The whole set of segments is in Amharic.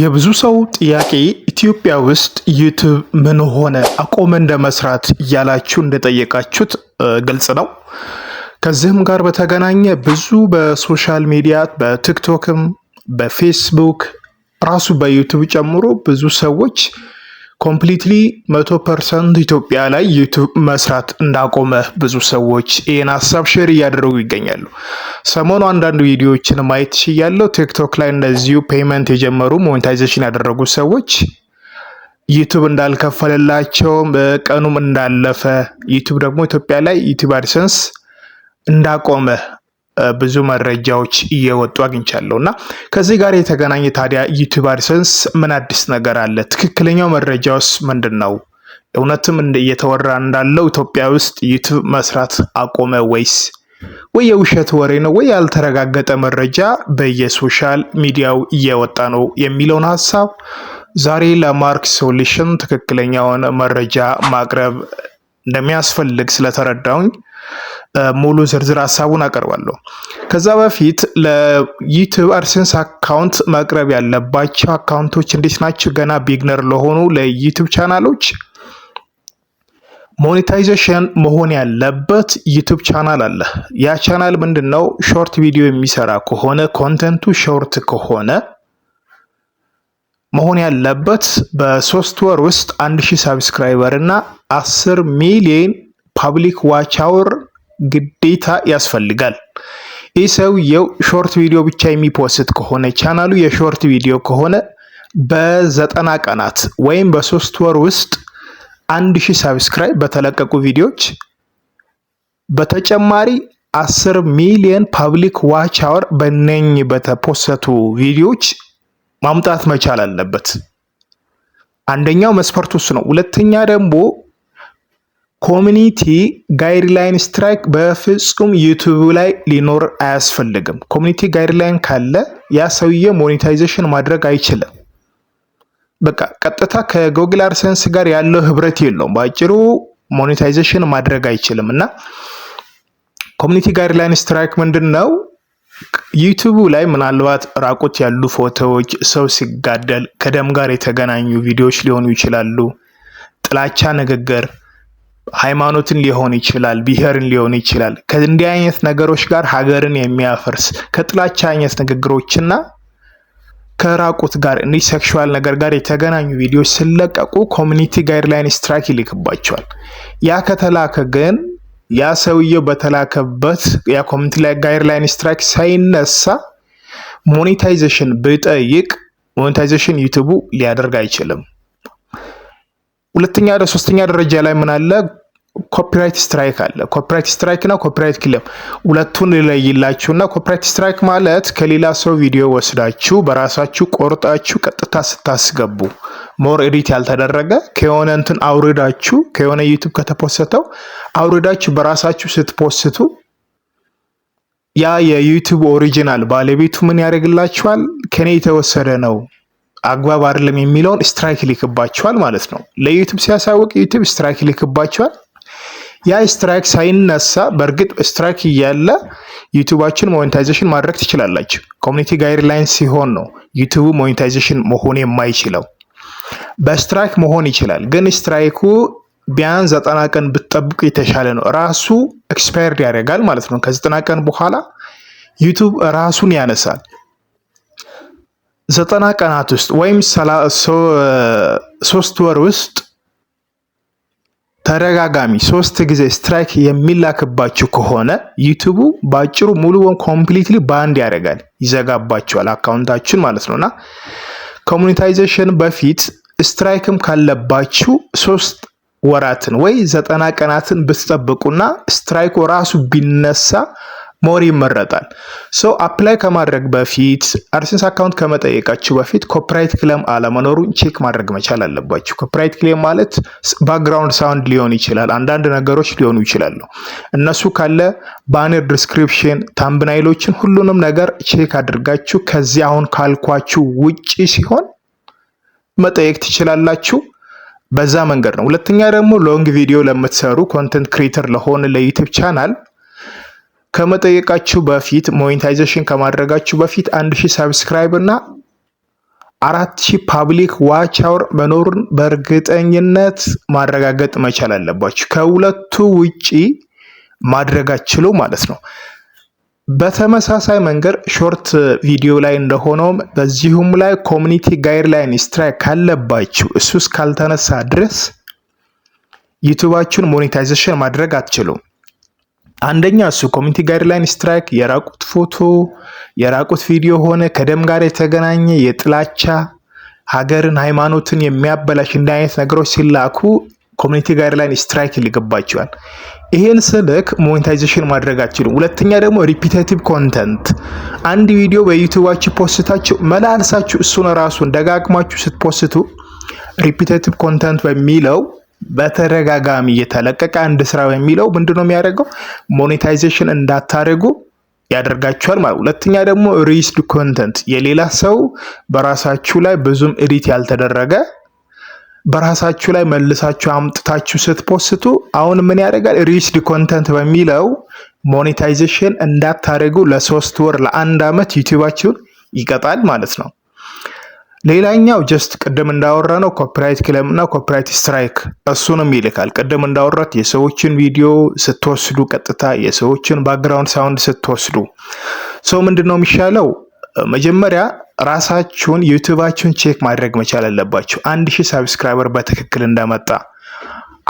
የብዙ ሰው ጥያቄ ኢትዮጵያ ውስጥ ዩቱብ ምን ሆነ አቆመ እንደመስራት እያላችሁ እንደጠየቃችሁት ግልጽ ነው። ከዚህም ጋር በተገናኘ ብዙ በሶሻል ሚዲያ በቲክቶክም፣ በፌስቡክ ራሱ በዩቱብ ጨምሮ ብዙ ሰዎች ኮምፕሊትሊ መቶ ፐርሰንት ኢትዮጵያ ላይ ዩቱብ መስራት እንዳቆመ ብዙ ሰዎች ይህን ሀሳብ ሼር እያደረጉ ይገኛሉ። ሰሞኑ አንዳንድ ቪዲዮዎችን ማየት ችያለው። ቲክቶክ ላይ እንደዚሁ ፔይመንት የጀመሩ ሞኔታይዜሽን ያደረጉ ሰዎች ዩቱብ እንዳልከፈለላቸው ቀኑም እንዳለፈ ዩቱብ ደግሞ ኢትዮጵያ ላይ ዩቱብ አድሰንስ እንዳቆመ ብዙ መረጃዎች እየወጡ አግኝቻለሁ እና ከዚህ ጋር የተገናኘ ታዲያ ዩቲዩብ አድሰንስ ምን አዲስ ነገር አለ? ትክክለኛው መረጃውስ ምንድን ነው? እውነትም እየተወራ እንዳለው ኢትዮጵያ ውስጥ ዩቲዩብ መስራት አቆመ ወይስ ወይ የውሸት ወሬ ነው ወይ ያልተረጋገጠ መረጃ በየሶሻል ሚዲያው እየወጣ ነው የሚለውን ሀሳብ ዛሬ ለማርክ ሶሉሽን ትክክለኛውን መረጃ ማቅረብ እንደሚያስፈልግ ስለተረዳውኝ ሙሉ ዝርዝር ሀሳቡን አቀርባለሁ። ከዛ በፊት ለዩቲዩብ አድሴንስ አካውንት መቅረብ ያለባቸው አካውንቶች እንዴት ናቸው? ገና ቢግነር ለሆኑ ለዩቲዩብ ቻናሎች ሞኔታይዜሽን መሆን ያለበት ዩቱብ ቻናል አለ። ያ ቻናል ምንድን ነው? ሾርት ቪዲዮ የሚሰራ ከሆነ ኮንተንቱ ሾርት ከሆነ መሆን ያለበት በሶስት ወር ውስጥ አንድ ሺህ ሳብስክራይበር እና አስር ሚሊዮን ፓብሊክ ዋች አወር ግዴታ ያስፈልጋል። ይህ ሰውየው ሾርት ቪዲዮ ብቻ የሚፖስት ከሆነ ቻናሉ የሾርት ቪዲዮ ከሆነ በዘጠና ቀናት ወይም በሶስት ወር ውስጥ አንድ ሺህ በተለቀቁ ቪዲዮዎች በተጨማሪ አስር ሚሊዮን ፓብሊክ ዋች አወር በነኝ በተፖሰቱ ቪዲዮዎች ማምጣት መቻል አለበት። አንደኛው መስፈርቱ እሱ ነው። ሁለተኛ ደግሞ ኮሚኒቲ ጋይድላይን ስትራይክ በፍጹም ዩቱብ ላይ ሊኖር አያስፈልግም። ኮሚኒቲ ጋይድላይን ካለ ያ ሰውዬ ሞኔታይዜሽን ማድረግ አይችልም። በቃ ቀጥታ ከጎግል አርሰንስ ጋር ያለው ህብረት የለውም። በአጭሩ ሞኔታይዜሽን ማድረግ አይችልም እና ኮሚኒቲ ጋይድላይን ስትራይክ ምንድን ነው? ዩቱቡ ላይ ምናልባት ራቁት ያሉ ፎቶዎች፣ ሰው ሲጋደል፣ ከደም ጋር የተገናኙ ቪዲዮዎች ሊሆኑ ይችላሉ። ጥላቻ ንግግር ሃይማኖትን ሊሆን ይችላል፣ ብሔርን ሊሆን ይችላል። ከእንዲህ አይነት ነገሮች ጋር ሀገርን የሚያፈርስ ከጥላቻ አይነት ንግግሮችና ከራቁት ጋር እንዲህ ሴክሹዋል ነገር ጋር የተገናኙ ቪዲዮዎች ሲለቀቁ ኮሚኒቲ ጋይድላይን ስትራይክ ይልክባቸዋል። ያ ከተላከ ግን ያ ሰውየው በተላከበት ያ ኮሚኒቲ ጋይድላይን ስትራይክ ሳይነሳ ሞኔታይዜሽን ብጠይቅ ሞኔታይዜሽን ዩቱቡ ሊያደርግ አይችልም። ሁለተኛ ሶስተኛ ደረጃ ላይ ምን አለ? ኮፒራይት ስትራይክ አለ። ኮፒራይት ስትራይክ እና ኮፒራይት ክሌም ሁለቱን ልለይላችሁ እና ኮፒራይት ስትራይክ ማለት ከሌላ ሰው ቪዲዮ ወስዳችሁ በራሳችሁ ቆርጣችሁ ቀጥታ ስታስገቡ ሞር ኤዲት ያልተደረገ ከሆነ እንትን አውርዳችሁ ከሆነ ዩቱብ ከተፖሰተው አውርዳችሁ በራሳችሁ ስትፖስቱ ያ የዩቱብ ኦሪጂናል ባለቤቱ ምን ያደርግላችኋል? ከኔ የተወሰደ ነው አግባብ አይደለም የሚለውን ስትራይክ ይልክባቸዋል ማለት ነው። ለዩቱብ ሲያሳውቅ ዩቱብ ስትራይክ ይልክባቸዋል። ያ ስትራይክ ሳይነሳ በእርግጥ ስትራይክ እያለ ዩቱባችን ሞኔታይዜሽን ማድረግ ትችላላችሁ። ኮሚኒቲ ጋይድላይን ሲሆን ነው ዩቱቡ ሞኔታይዜሽን መሆን የማይችለው። በስትራይክ መሆን ይችላል፣ ግን ስትራይኩ ቢያንስ ዘጠና ቀን ብትጠብቁ የተሻለ ነው። ራሱ ኤክስፓየርድ ያደርጋል ማለት ነው። ከዘጠና ቀን በኋላ ዩቱብ ራሱን ያነሳል። ዘጠና ቀናት ውስጥ ወይም ሶስት ወር ውስጥ ተደጋጋሚ ሶስት ጊዜ ስትራይክ የሚላክባችሁ ከሆነ ዩቱቡ በአጭሩ ሙሉ ኮምፕሊትሊ ባንድ ያደርጋል፣ ይዘጋባችኋል አካውንታችሁን ማለት ነው እና ከሞኔታይዜሽን በፊት ስትራይክም ካለባችሁ ሶስት ወራትን ወይ ዘጠና ቀናትን ብትጠብቁና ስትራይኩ ራሱ ቢነሳ ሞር ይመረጣል። ሶ አፕላይ ከማድረግ በፊት አድሴንስ አካውንት ከመጠየቃችሁ በፊት ኮፒራይት ክሌም አለመኖሩን ቼክ ማድረግ መቻል አለባችሁ። ኮፒራይት ክሌም ማለት ባክግራውንድ ሳውንድ ሊሆን ይችላል፣ አንዳንድ ነገሮች ሊሆኑ ይችላሉ። እነሱ ካለ ባነር፣ ዲስክሪፕሽን፣ ታምብናይሎችን ሁሉንም ነገር ቼክ አድርጋችሁ ከዚህ አሁን ካልኳችሁ ውጪ ሲሆን መጠየቅ ትችላላችሁ። በዛ መንገድ ነው። ሁለተኛ ደግሞ ሎንግ ቪዲዮ ለምትሰሩ ኮንተንት ክሬተር ለሆነ ለዩቲዩብ ቻናል ከመጠየቃችሁ በፊት ሞኔታይዜሽን ከማድረጋችሁ በፊት አንድ ሺህ ሰብስክራይብ እና አራት ሺህ ፓብሊክ ዋች አወር መኖሩን በእርግጠኝነት ማረጋገጥ መቻል አለባችሁ። ከሁለቱ ውጪ ማድረግ አትችሉ ማለት ነው። በተመሳሳይ መንገድ ሾርት ቪዲዮ ላይ እንደሆነውም በዚሁም ላይ ኮሚኒቲ ጋይድላይን ስትራይክ ካለባችሁ እሱ እስካልተነሳ ድረስ ዩቱባችሁን ሞኔታይዜሽን ማድረግ አትችሉም። አንደኛ እሱ ኮሚኒቲ ጋይድላይን ስትራይክ የራቁት ፎቶ፣ የራቁት ቪዲዮ ሆነ ከደም ጋር የተገናኘ የጥላቻ ሀገርን፣ ሃይማኖትን የሚያበላሽ እንዲህ አይነት ነገሮች ሲላኩ ኮሚኒቲ ጋይድላይን ስትራይክ ይልግባቸዋል። ይሄን ስልክ ሞኔታይዜሽን ማድረግ አችሉም። ሁለተኛ ደግሞ ሪፒቴቲቭ ኮንተንት፣ አንድ ቪዲዮ በዩቲዩባችሁ ፖስታችሁ መላልሳችሁ እሱን ራሱን ደጋግማችሁ ስትፖስቱ ሪፒቴቲቭ ኮንተንት በሚለው በተደጋጋሚ እየተለቀቀ አንድ ስራ የሚለው ምንድን ነው የሚያደርገው ሞኔታይዜሽን እንዳታደርጉ ያደርጋችኋል ማለት። ሁለተኛ ደግሞ ሪስድ ኮንተንት የሌላ ሰው በራሳችሁ ላይ ብዙም ኤዲት ያልተደረገ በራሳችሁ ላይ መልሳችሁ አምጥታችሁ ስትፖስቱ አሁን ምን ያደርጋል? ሪስድ ኮንተንት በሚለው ሞኔታይዜሽን እንዳታደርጉ ለሶስት ወር ለአንድ አመት ዩቲዩባችሁን ይቀጣል ማለት ነው። ሌላኛው ጀስት ቅድም እንዳወራ ነው ኮፒራይት ክለም እና ኮፒራይት ስትራይክ እሱንም ይልካል። ቅድም እንዳወራት የሰዎችን ቪዲዮ ስትወስዱ፣ ቀጥታ የሰዎችን ባክግራውንድ ሳውንድ ስትወስዱ ሰው ምንድን ነው የሚሻለው? መጀመሪያ ራሳችሁን ዩቱባችሁን ቼክ ማድረግ መቻል አለባችሁ። አንድ ሺህ ሳብስክራይበር በትክክል እንዳመጣ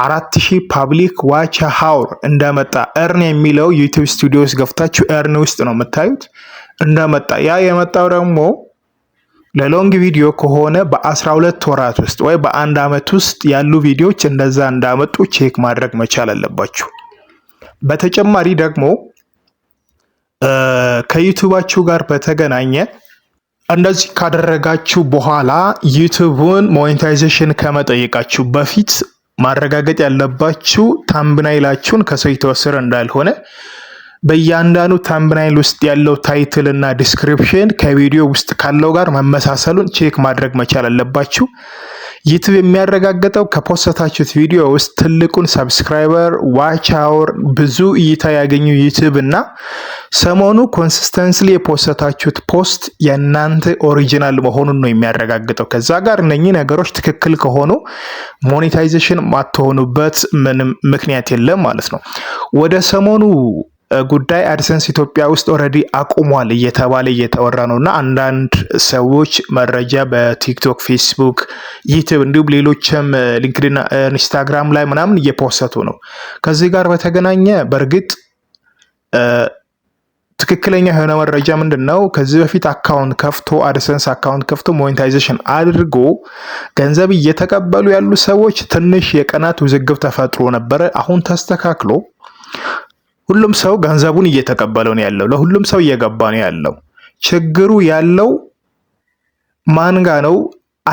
አራት ሺህ ፓብሊክ ዋች ሀውር እንዳመጣ እርን የሚለው ስቱዲዮ ውስጥ ገብታችሁ እርን ውስጥ ነው የምታዩት እንዳመጣ ያ የመጣው ደግሞ ለሎንግ ቪዲዮ ከሆነ በ12 ወራት ውስጥ ወይ በአንድ አመት ውስጥ ያሉ ቪዲዮዎች እንደዛ እንዳመጡ ቼክ ማድረግ መቻል አለባችሁ። በተጨማሪ ደግሞ ከዩቱባችሁ ጋር በተገናኘ እንደዚህ ካደረጋችሁ በኋላ ዩቱቡን ሞኔታይዜሽን ከመጠየቃችሁ በፊት ማረጋገጥ ያለባችሁ ታምብናይላችሁን ከሰው የተወሰደ እንዳልሆነ በእያንዳንዱ ታምብናይል ውስጥ ያለው ታይትል እና ዲስክሪፕሽን ከቪዲዮ ውስጥ ካለው ጋር መመሳሰሉን ቼክ ማድረግ መቻል አለባችሁ። ዩቲዩብ የሚያረጋግጠው ከፖስታችሁት ቪዲዮ ውስጥ ትልቁን ሰብስክራይበር ዋች አወር ብዙ እይታ ያገኙ ዩቲዩብ እና ሰሞኑ ኮንሲስተንስሊ የፖስታችሁት ፖስት የእናንተ ኦሪጂናል መሆኑን ነው የሚያረጋግጠው። ከዛ ጋር እነኚህ ነገሮች ትክክል ከሆኑ ሞኔታይዜሽን ማትሆኑበት ምንም ምክንያት የለም ማለት ነው። ወደ ሰሞኑ ጉዳይ አድሰንስ ኢትዮጵያ ውስጥ ኦልሬዲ አቁሟል እየተባለ እየተወራ ነው እና አንዳንድ ሰዎች መረጃ በቲክቶክ፣ ፌስቡክ፣ ዩቲብ እንዲሁም ሌሎችም ሊንክድና ኢንስታግራም ላይ ምናምን እየፖሰቱ ነው። ከዚህ ጋር በተገናኘ በእርግጥ ትክክለኛ የሆነ መረጃ ምንድን ነው? ከዚህ በፊት አካውንት ከፍቶ አድሰንስ አካውንት ከፍቶ ሞኔታይዜሽን አድርጎ ገንዘብ እየተቀበሉ ያሉ ሰዎች ትንሽ የቀናት ውዝግብ ተፈጥሮ ነበረ። አሁን ተስተካክሎ ሁሉም ሰው ገንዘቡን እየተቀበለው ነው ያለው። ለሁሉም ሰው እየገባ ነው ያለው። ችግሩ ያለው ማንጋ ነው?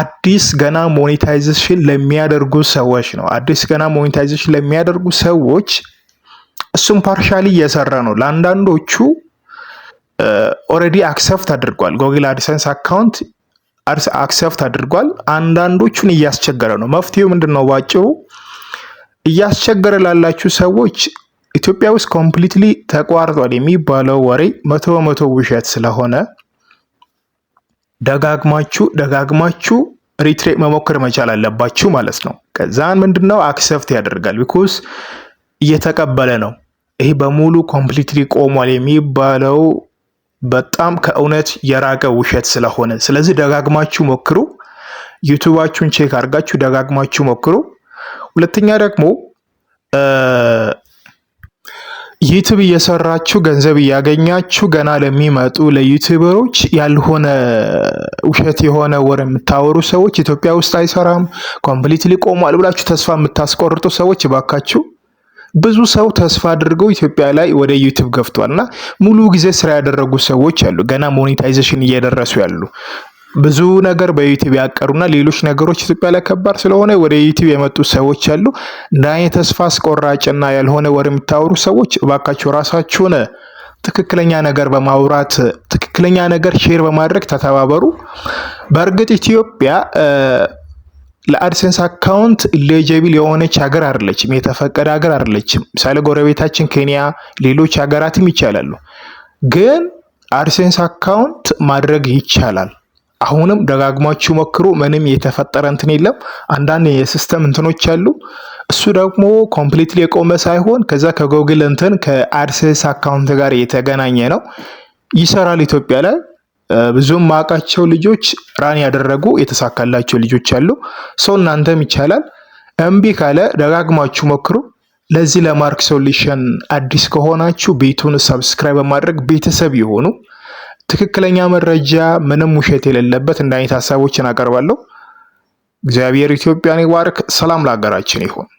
አዲስ ገና ሞኔታይዜሽን ለሚያደርጉ ሰዎች ነው። አዲስ ገና ሞኔታይዜሽን ለሚያደርጉ ሰዎች እሱም ፓርሻሊ እየሰራ ነው። ለአንዳንዶቹ ኦልሬዲ አክሰፕት አድርጓል። ጎግል አድሰንስ አካውንት አክሰፕት አድርጓል። አንዳንዶቹን እያስቸገረ ነው። መፍትሄው ምንድን ነው? ባጭሩ እያስቸገረ ላላችሁ ሰዎች ኢትዮጵያ ውስጥ ኮምፕሊትሊ ተቋርጧል የሚባለው ወሬ መቶ በመቶ ውሸት ስለሆነ ደጋግማችሁ ደጋግማችሁ ሪትሬት መሞከር መቻል አለባችሁ ማለት ነው። ከዛን ምንድነው አክሰፕት ያደርጋል ቢኮስ እየተቀበለ ነው። ይሄ በሙሉ ኮምፕሊትሊ ቆሟል የሚባለው በጣም ከእውነት የራቀ ውሸት ስለሆነ፣ ስለዚህ ደጋግማችሁ ሞክሩ። ዩቱባችሁን ቼክ አድርጋችሁ ደጋግማችሁ ሞክሩ። ሁለተኛ ደግሞ ዩቲብ እየሰራችሁ ገንዘብ እያገኛችሁ ገና ለሚመጡ ለዩቲበሮች ያልሆነ ውሸት የሆነ ወር የምታወሩ ሰዎች ኢትዮጵያ ውስጥ አይሰራም ኮምፕሊትሊ ቆሟል ብላችሁ ተስፋ የምታስቆርጡ ሰዎች እባካችሁ ብዙ ሰው ተስፋ አድርገው ኢትዮጵያ ላይ ወደ ዩቲዩብ ገፍቷል እና ሙሉ ጊዜ ስራ ያደረጉ ሰዎች አሉ፣ ገና ሞኔታይዜሽን እየደረሱ ያሉ ብዙ ነገር በዩቲዩብ ያቀሩና ሌሎች ነገሮች ኢትዮጵያ ላይ ከባድ ስለሆነ ወደ ዩቲዩብ የመጡ ሰዎች አሉ። እንዳይ ተስፋ አስቆራጭና ያልሆነ ወር የምታወሩ ሰዎች እባካችሁ ራሳችሁን ትክክለኛ ነገር በማውራት ትክክለኛ ነገር ሼር በማድረግ ተተባበሩ። በእርግጥ ኢትዮጵያ ለአድሴንስ አካውንት ኢሌጀብል የሆነች ሀገር አይደለችም፣ የተፈቀደ ሀገር አይደለችም። ምሳሌ ጎረቤታችን ኬንያ፣ ሌሎች ሀገራትም ይቻላሉ። ግን አድሴንስ አካውንት ማድረግ ይቻላል። አሁንም ደጋግማችሁ ሞክሩ። ምንም የተፈጠረ እንትን የለም። አንዳንድ የሲስተም እንትኖች አሉ። እሱ ደግሞ ኮምፕሊትሊ የቆመ ሳይሆን ከዛ ከጎግል እንትን ከአድሴንስ አካውንት ጋር የተገናኘ ነው። ይሰራል ኢትዮጵያ ላይ ብዙም ማቃቸው ልጆች ራን ያደረጉ የተሳካላቸው ልጆች አሉ። ሰው እናንተም ይቻላል። እምቢ ካለ ደጋግማችሁ ሞክሩ። ለዚህ ለማርክ ሶሉሽን አዲስ ከሆናችሁ ቤቱን ሰብስክራይብ በማድረግ ቤተሰብ የሆኑ ትክክለኛ መረጃ፣ ምንም ውሸት የሌለበት እንደ አይነት ሀሳቦችን አቀርባለሁ። እግዚአብሔር ኢትዮጵያን ይባርክ። ሰላም ለሀገራችን ይሁን።